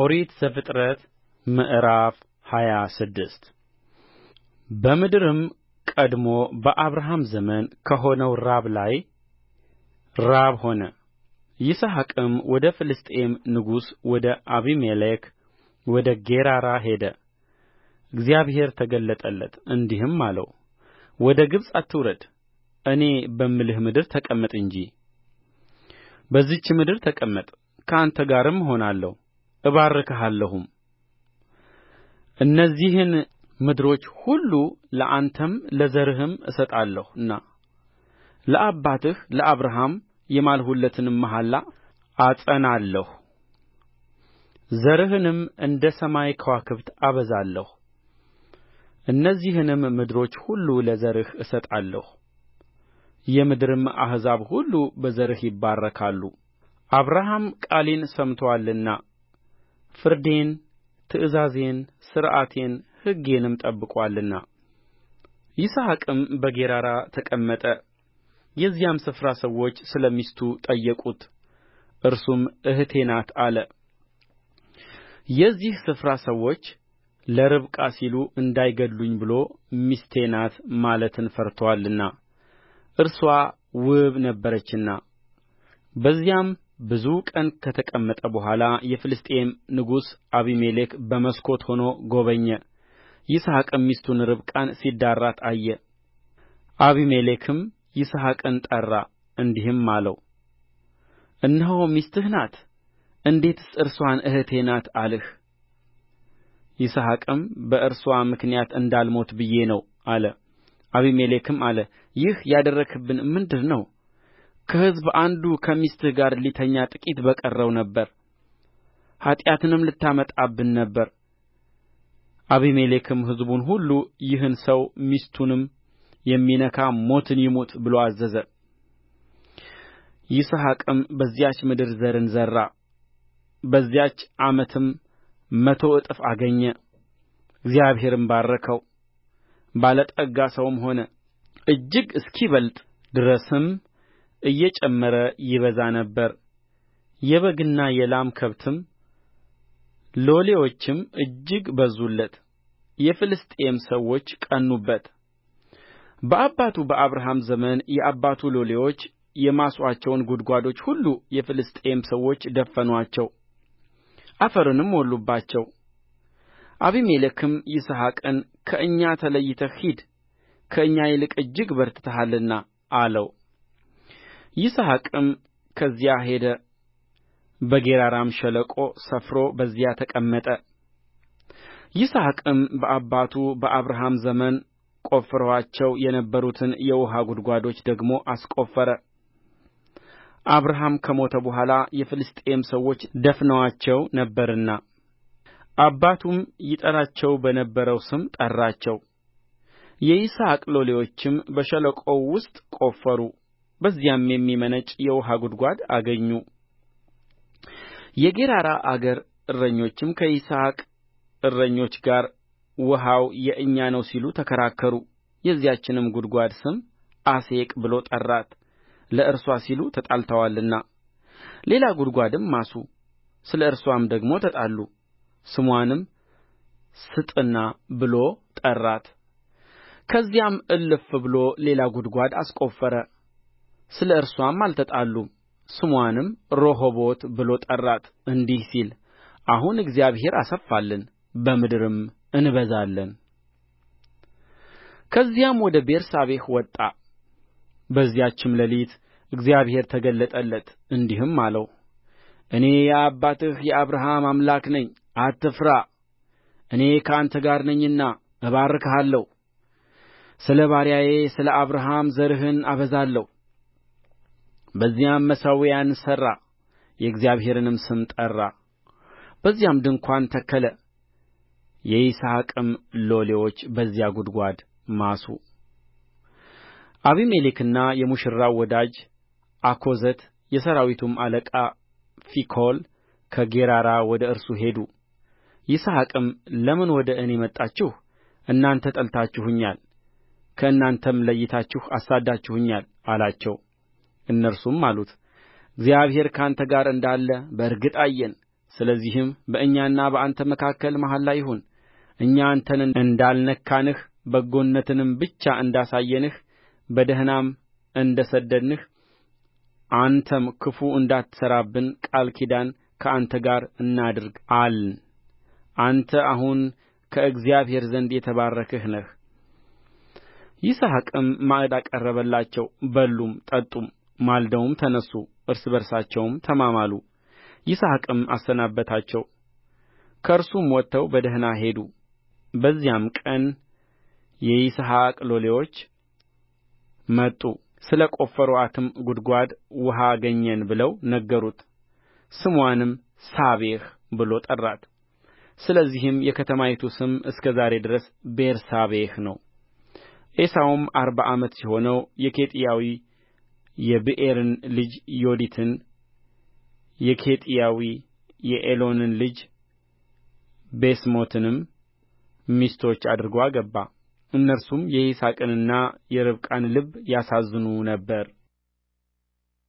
ኦሪት ዘፍጥረት ምዕራፍ ሃያ ስድስት በምድርም ቀድሞ በአብርሃም ዘመን ከሆነው ራብ ላይ ራብ ሆነ። ይስሐቅም ወደ ፍልስጥኤም ንጉሥ ወደ አቢሜሌክ ወደ ጌራራ ሄደ። እግዚአብሔር ተገለጠለት እንዲህም አለው፣ ወደ ግብፅ አትውረድ፣ እኔ በምልህ ምድር ተቀመጥ እንጂ በዚህች ምድር ተቀመጥ፣ ከአንተ ጋርም እሆናለሁ እባርክሃለሁም እነዚህን ምድሮች ሁሉ ለአንተም ለዘርህም እሰጣለሁና ለአባትህ ለአብርሃም የማልሁለትን መሐላ አጸናለሁ ዘርህንም እንደ ሰማይ ከዋክብት አበዛለሁ እነዚህንም ምድሮች ሁሉ ለዘርህ እሰጣለሁ የምድርም አሕዛብ ሁሉ በዘርህ ይባረካሉ አብርሃም ቃሌን ሰምቶአልና ፍርዴን ትእዛዜን ሥርዓቴን ሕጌንም ጠብቆአልና ይስሐቅም በጌራራ ተቀመጠ የዚያም ስፍራ ሰዎች ስለ ሚስቱ ጠየቁት እርሱም እኅቴ ናት አለ የዚህ ስፍራ ሰዎች ለርብቃ ሲሉ እንዳይገድሉኝ ብሎ ሚስቴ ናት ማለትን ፈርቶአልና እርስዋ ውብ ነበረችና በዚያም ብዙ ቀን ከተቀመጠ በኋላ የፍልስጥኤም ንጉሥ አቢሜሌክ በመስኮት ሆኖ ጎበኘ። ይስሐቅም ሚስቱን ርብቃን ሲዳራት አየ አቢሜሌክም ይስሐቅን ጠራ እንዲህም አለው እነሆ ሚስትህ ናት እንዴትስ እርስዋን እኅቴ ናት አልህ ይስሐቅም በእርስዋ ምክንያት እንዳልሞት ብዬ ነው አለ አቢሜሌክም አለ ይህ ያደረግህብን ምንድር ነው ከሕዝብ አንዱ ከሚስትህ ጋር ሊተኛ ጥቂት በቀረው ነበር ኃጢአትንም ልታመጣብን ነበር አቢሜሌክም ሕዝቡን ሁሉ ይህን ሰው ሚስቱንም የሚነካ ሞትን ይሙት ብሎ አዘዘ ይስሐቅም በዚያች ምድር ዘርን ዘራ በዚያች ዓመትም መቶ እጥፍ አገኘ እግዚአብሔርም ባረከው ባለጠጋ ሰውም ሆነ እጅግ እስኪበልጥ ድረስም እየጨመረ ይበዛ ነበር የበግና የላም ከብትም ሎሌዎችም እጅግ በዙለት የፍልስጥኤም ሰዎች ቀኑበት በአባቱ በአብርሃም ዘመን የአባቱ ሎሌዎች የማሱአቸውን ጕድጓዶች ሁሉ የፍልስጥኤም ሰዎች ደፈኑአቸው አፈርንም ሞሉባቸው አቢሜሌክም ይስሐቅን ከእኛ ተለይተህ ሂድ ከእኛ ይልቅ እጅግ በርትተሃልና አለው ይስሐቅም ከዚያ ሄደ በጌራራም ሸለቆ ሰፍሮ በዚያ ተቀመጠ ይስሐቅም በአባቱ በአብርሃም ዘመን ቆፍረዋቸው የነበሩትን የውኃ ጕድጓዶች ደግሞ አስቈፈረ አብርሃም ከሞተ በኋላ የፍልስጥኤም ሰዎች ደፍነዋቸው ነበርና አባቱም ይጠራቸው በነበረው ስም ጠራቸው የይስሐቅ ሎሌዎችም በሸለቆው ውስጥ ቈፈሩ በዚያም የሚመነጭ የውኃ ጕድጓድ አገኙ የጌራራ አገር እረኞችም ከይስሐቅ እረኞች ጋር ውኃው የእኛ ነው ሲሉ ተከራከሩ የዚያችንም ጕድጓድ ስም አሴቅ ብሎ ጠራት ለእርስዋ ሲሉ ተጣልተዋልና ሌላ ጕድጓድም ማሱ ስለ እርስዋም ደግሞ ተጣሉ ስምዋንም ስጥና ብሎ ጠራት ከዚያም እልፍ ብሎ ሌላ ጕድጓድ አስቈፈረ ስለ እርስዋም አልተጣሉም ስምዋንም ርኆቦት ብሎ ጠራት እንዲህ ሲል አሁን እግዚአብሔር አሰፋልን በምድርም እንበዛለን ከዚያም ወደ ቤርሳቤህ ወጣ በዚያችም ሌሊት እግዚአብሔር ተገለጠለት እንዲህም አለው እኔ የአባትህ የአብርሃም አምላክ ነኝ አትፍራ እኔ ከአንተ ጋር ነኝና እባርክሃለሁ ስለ ባሪያዬ ስለ አብርሃም ዘርህን አበዛለሁ በዚያም መሠዊያን ሠራ የእግዚአብሔርንም ስም ጠራ በዚያም ድንኳን ተከለ የይስሐቅም ሎሌዎች በዚያ ጕድጓድ ማሱ አቢሜሌክና የሙሽራው ወዳጅ አኮዘት የሠራዊቱም አለቃ ፊኮል ከጌራራ ወደ እርሱ ሄዱ። ይስሐቅም ለምን ወደ እኔ መጣችሁ? እናንተ ጠልታችሁኛል፣ ከእናንተም ለይታችሁ አሳድዳችሁኛል አላቸው። እነርሱም አሉት እግዚአብሔር ከአንተ ጋር እንዳለ በእርግጥ አየን ስለዚህም በእኛና በአንተ መካከል መሐላ ይሁን እኛ አንተን እንዳልነካንህ በጎነትንም ብቻ እንዳሳየንህ በደኅናም እንደ ሰደድንህ አንተም ክፉ እንዳትሠራብን ቃል ኪዳን ከአንተ ጋር እናድርግ አልን አንተ አሁን ከእግዚአብሔር ዘንድ የተባረክህ ነህ ይስሐቅም ማዕድ አቀረበላቸው በሉም ጠጡም ማልደውም ተነሡ እርስ በርሳቸውም ተማማሉ ይስሐቅም አሰናበታቸው ከእርሱም ወጥተው በደኅና ሄዱ በዚያም ቀን የይስሐቅ ሎሌዎች መጡ ስለ ቈፈሩአትም ጕድጓድ ውኃ አገኘን ብለው ነገሩት ስምዋንም ሳቤህ ብሎ ጠራት ስለዚህም የከተማይቱ ስም እስከ ዛሬ ድረስ ቤርሳቤህ ነው ዔሳውም አርባ ዓመት ሲሆነው የኬጢያዊ የብኤሪን ልጅ ዮዲትን የኬጢያዊ የኤሎንን ልጅ ቤሴሞትንም ሚስቶች አድርጎ አገባ እነርሱም የይስሐቅንና የርብቃን ልብ ያሳዝኑ ነበር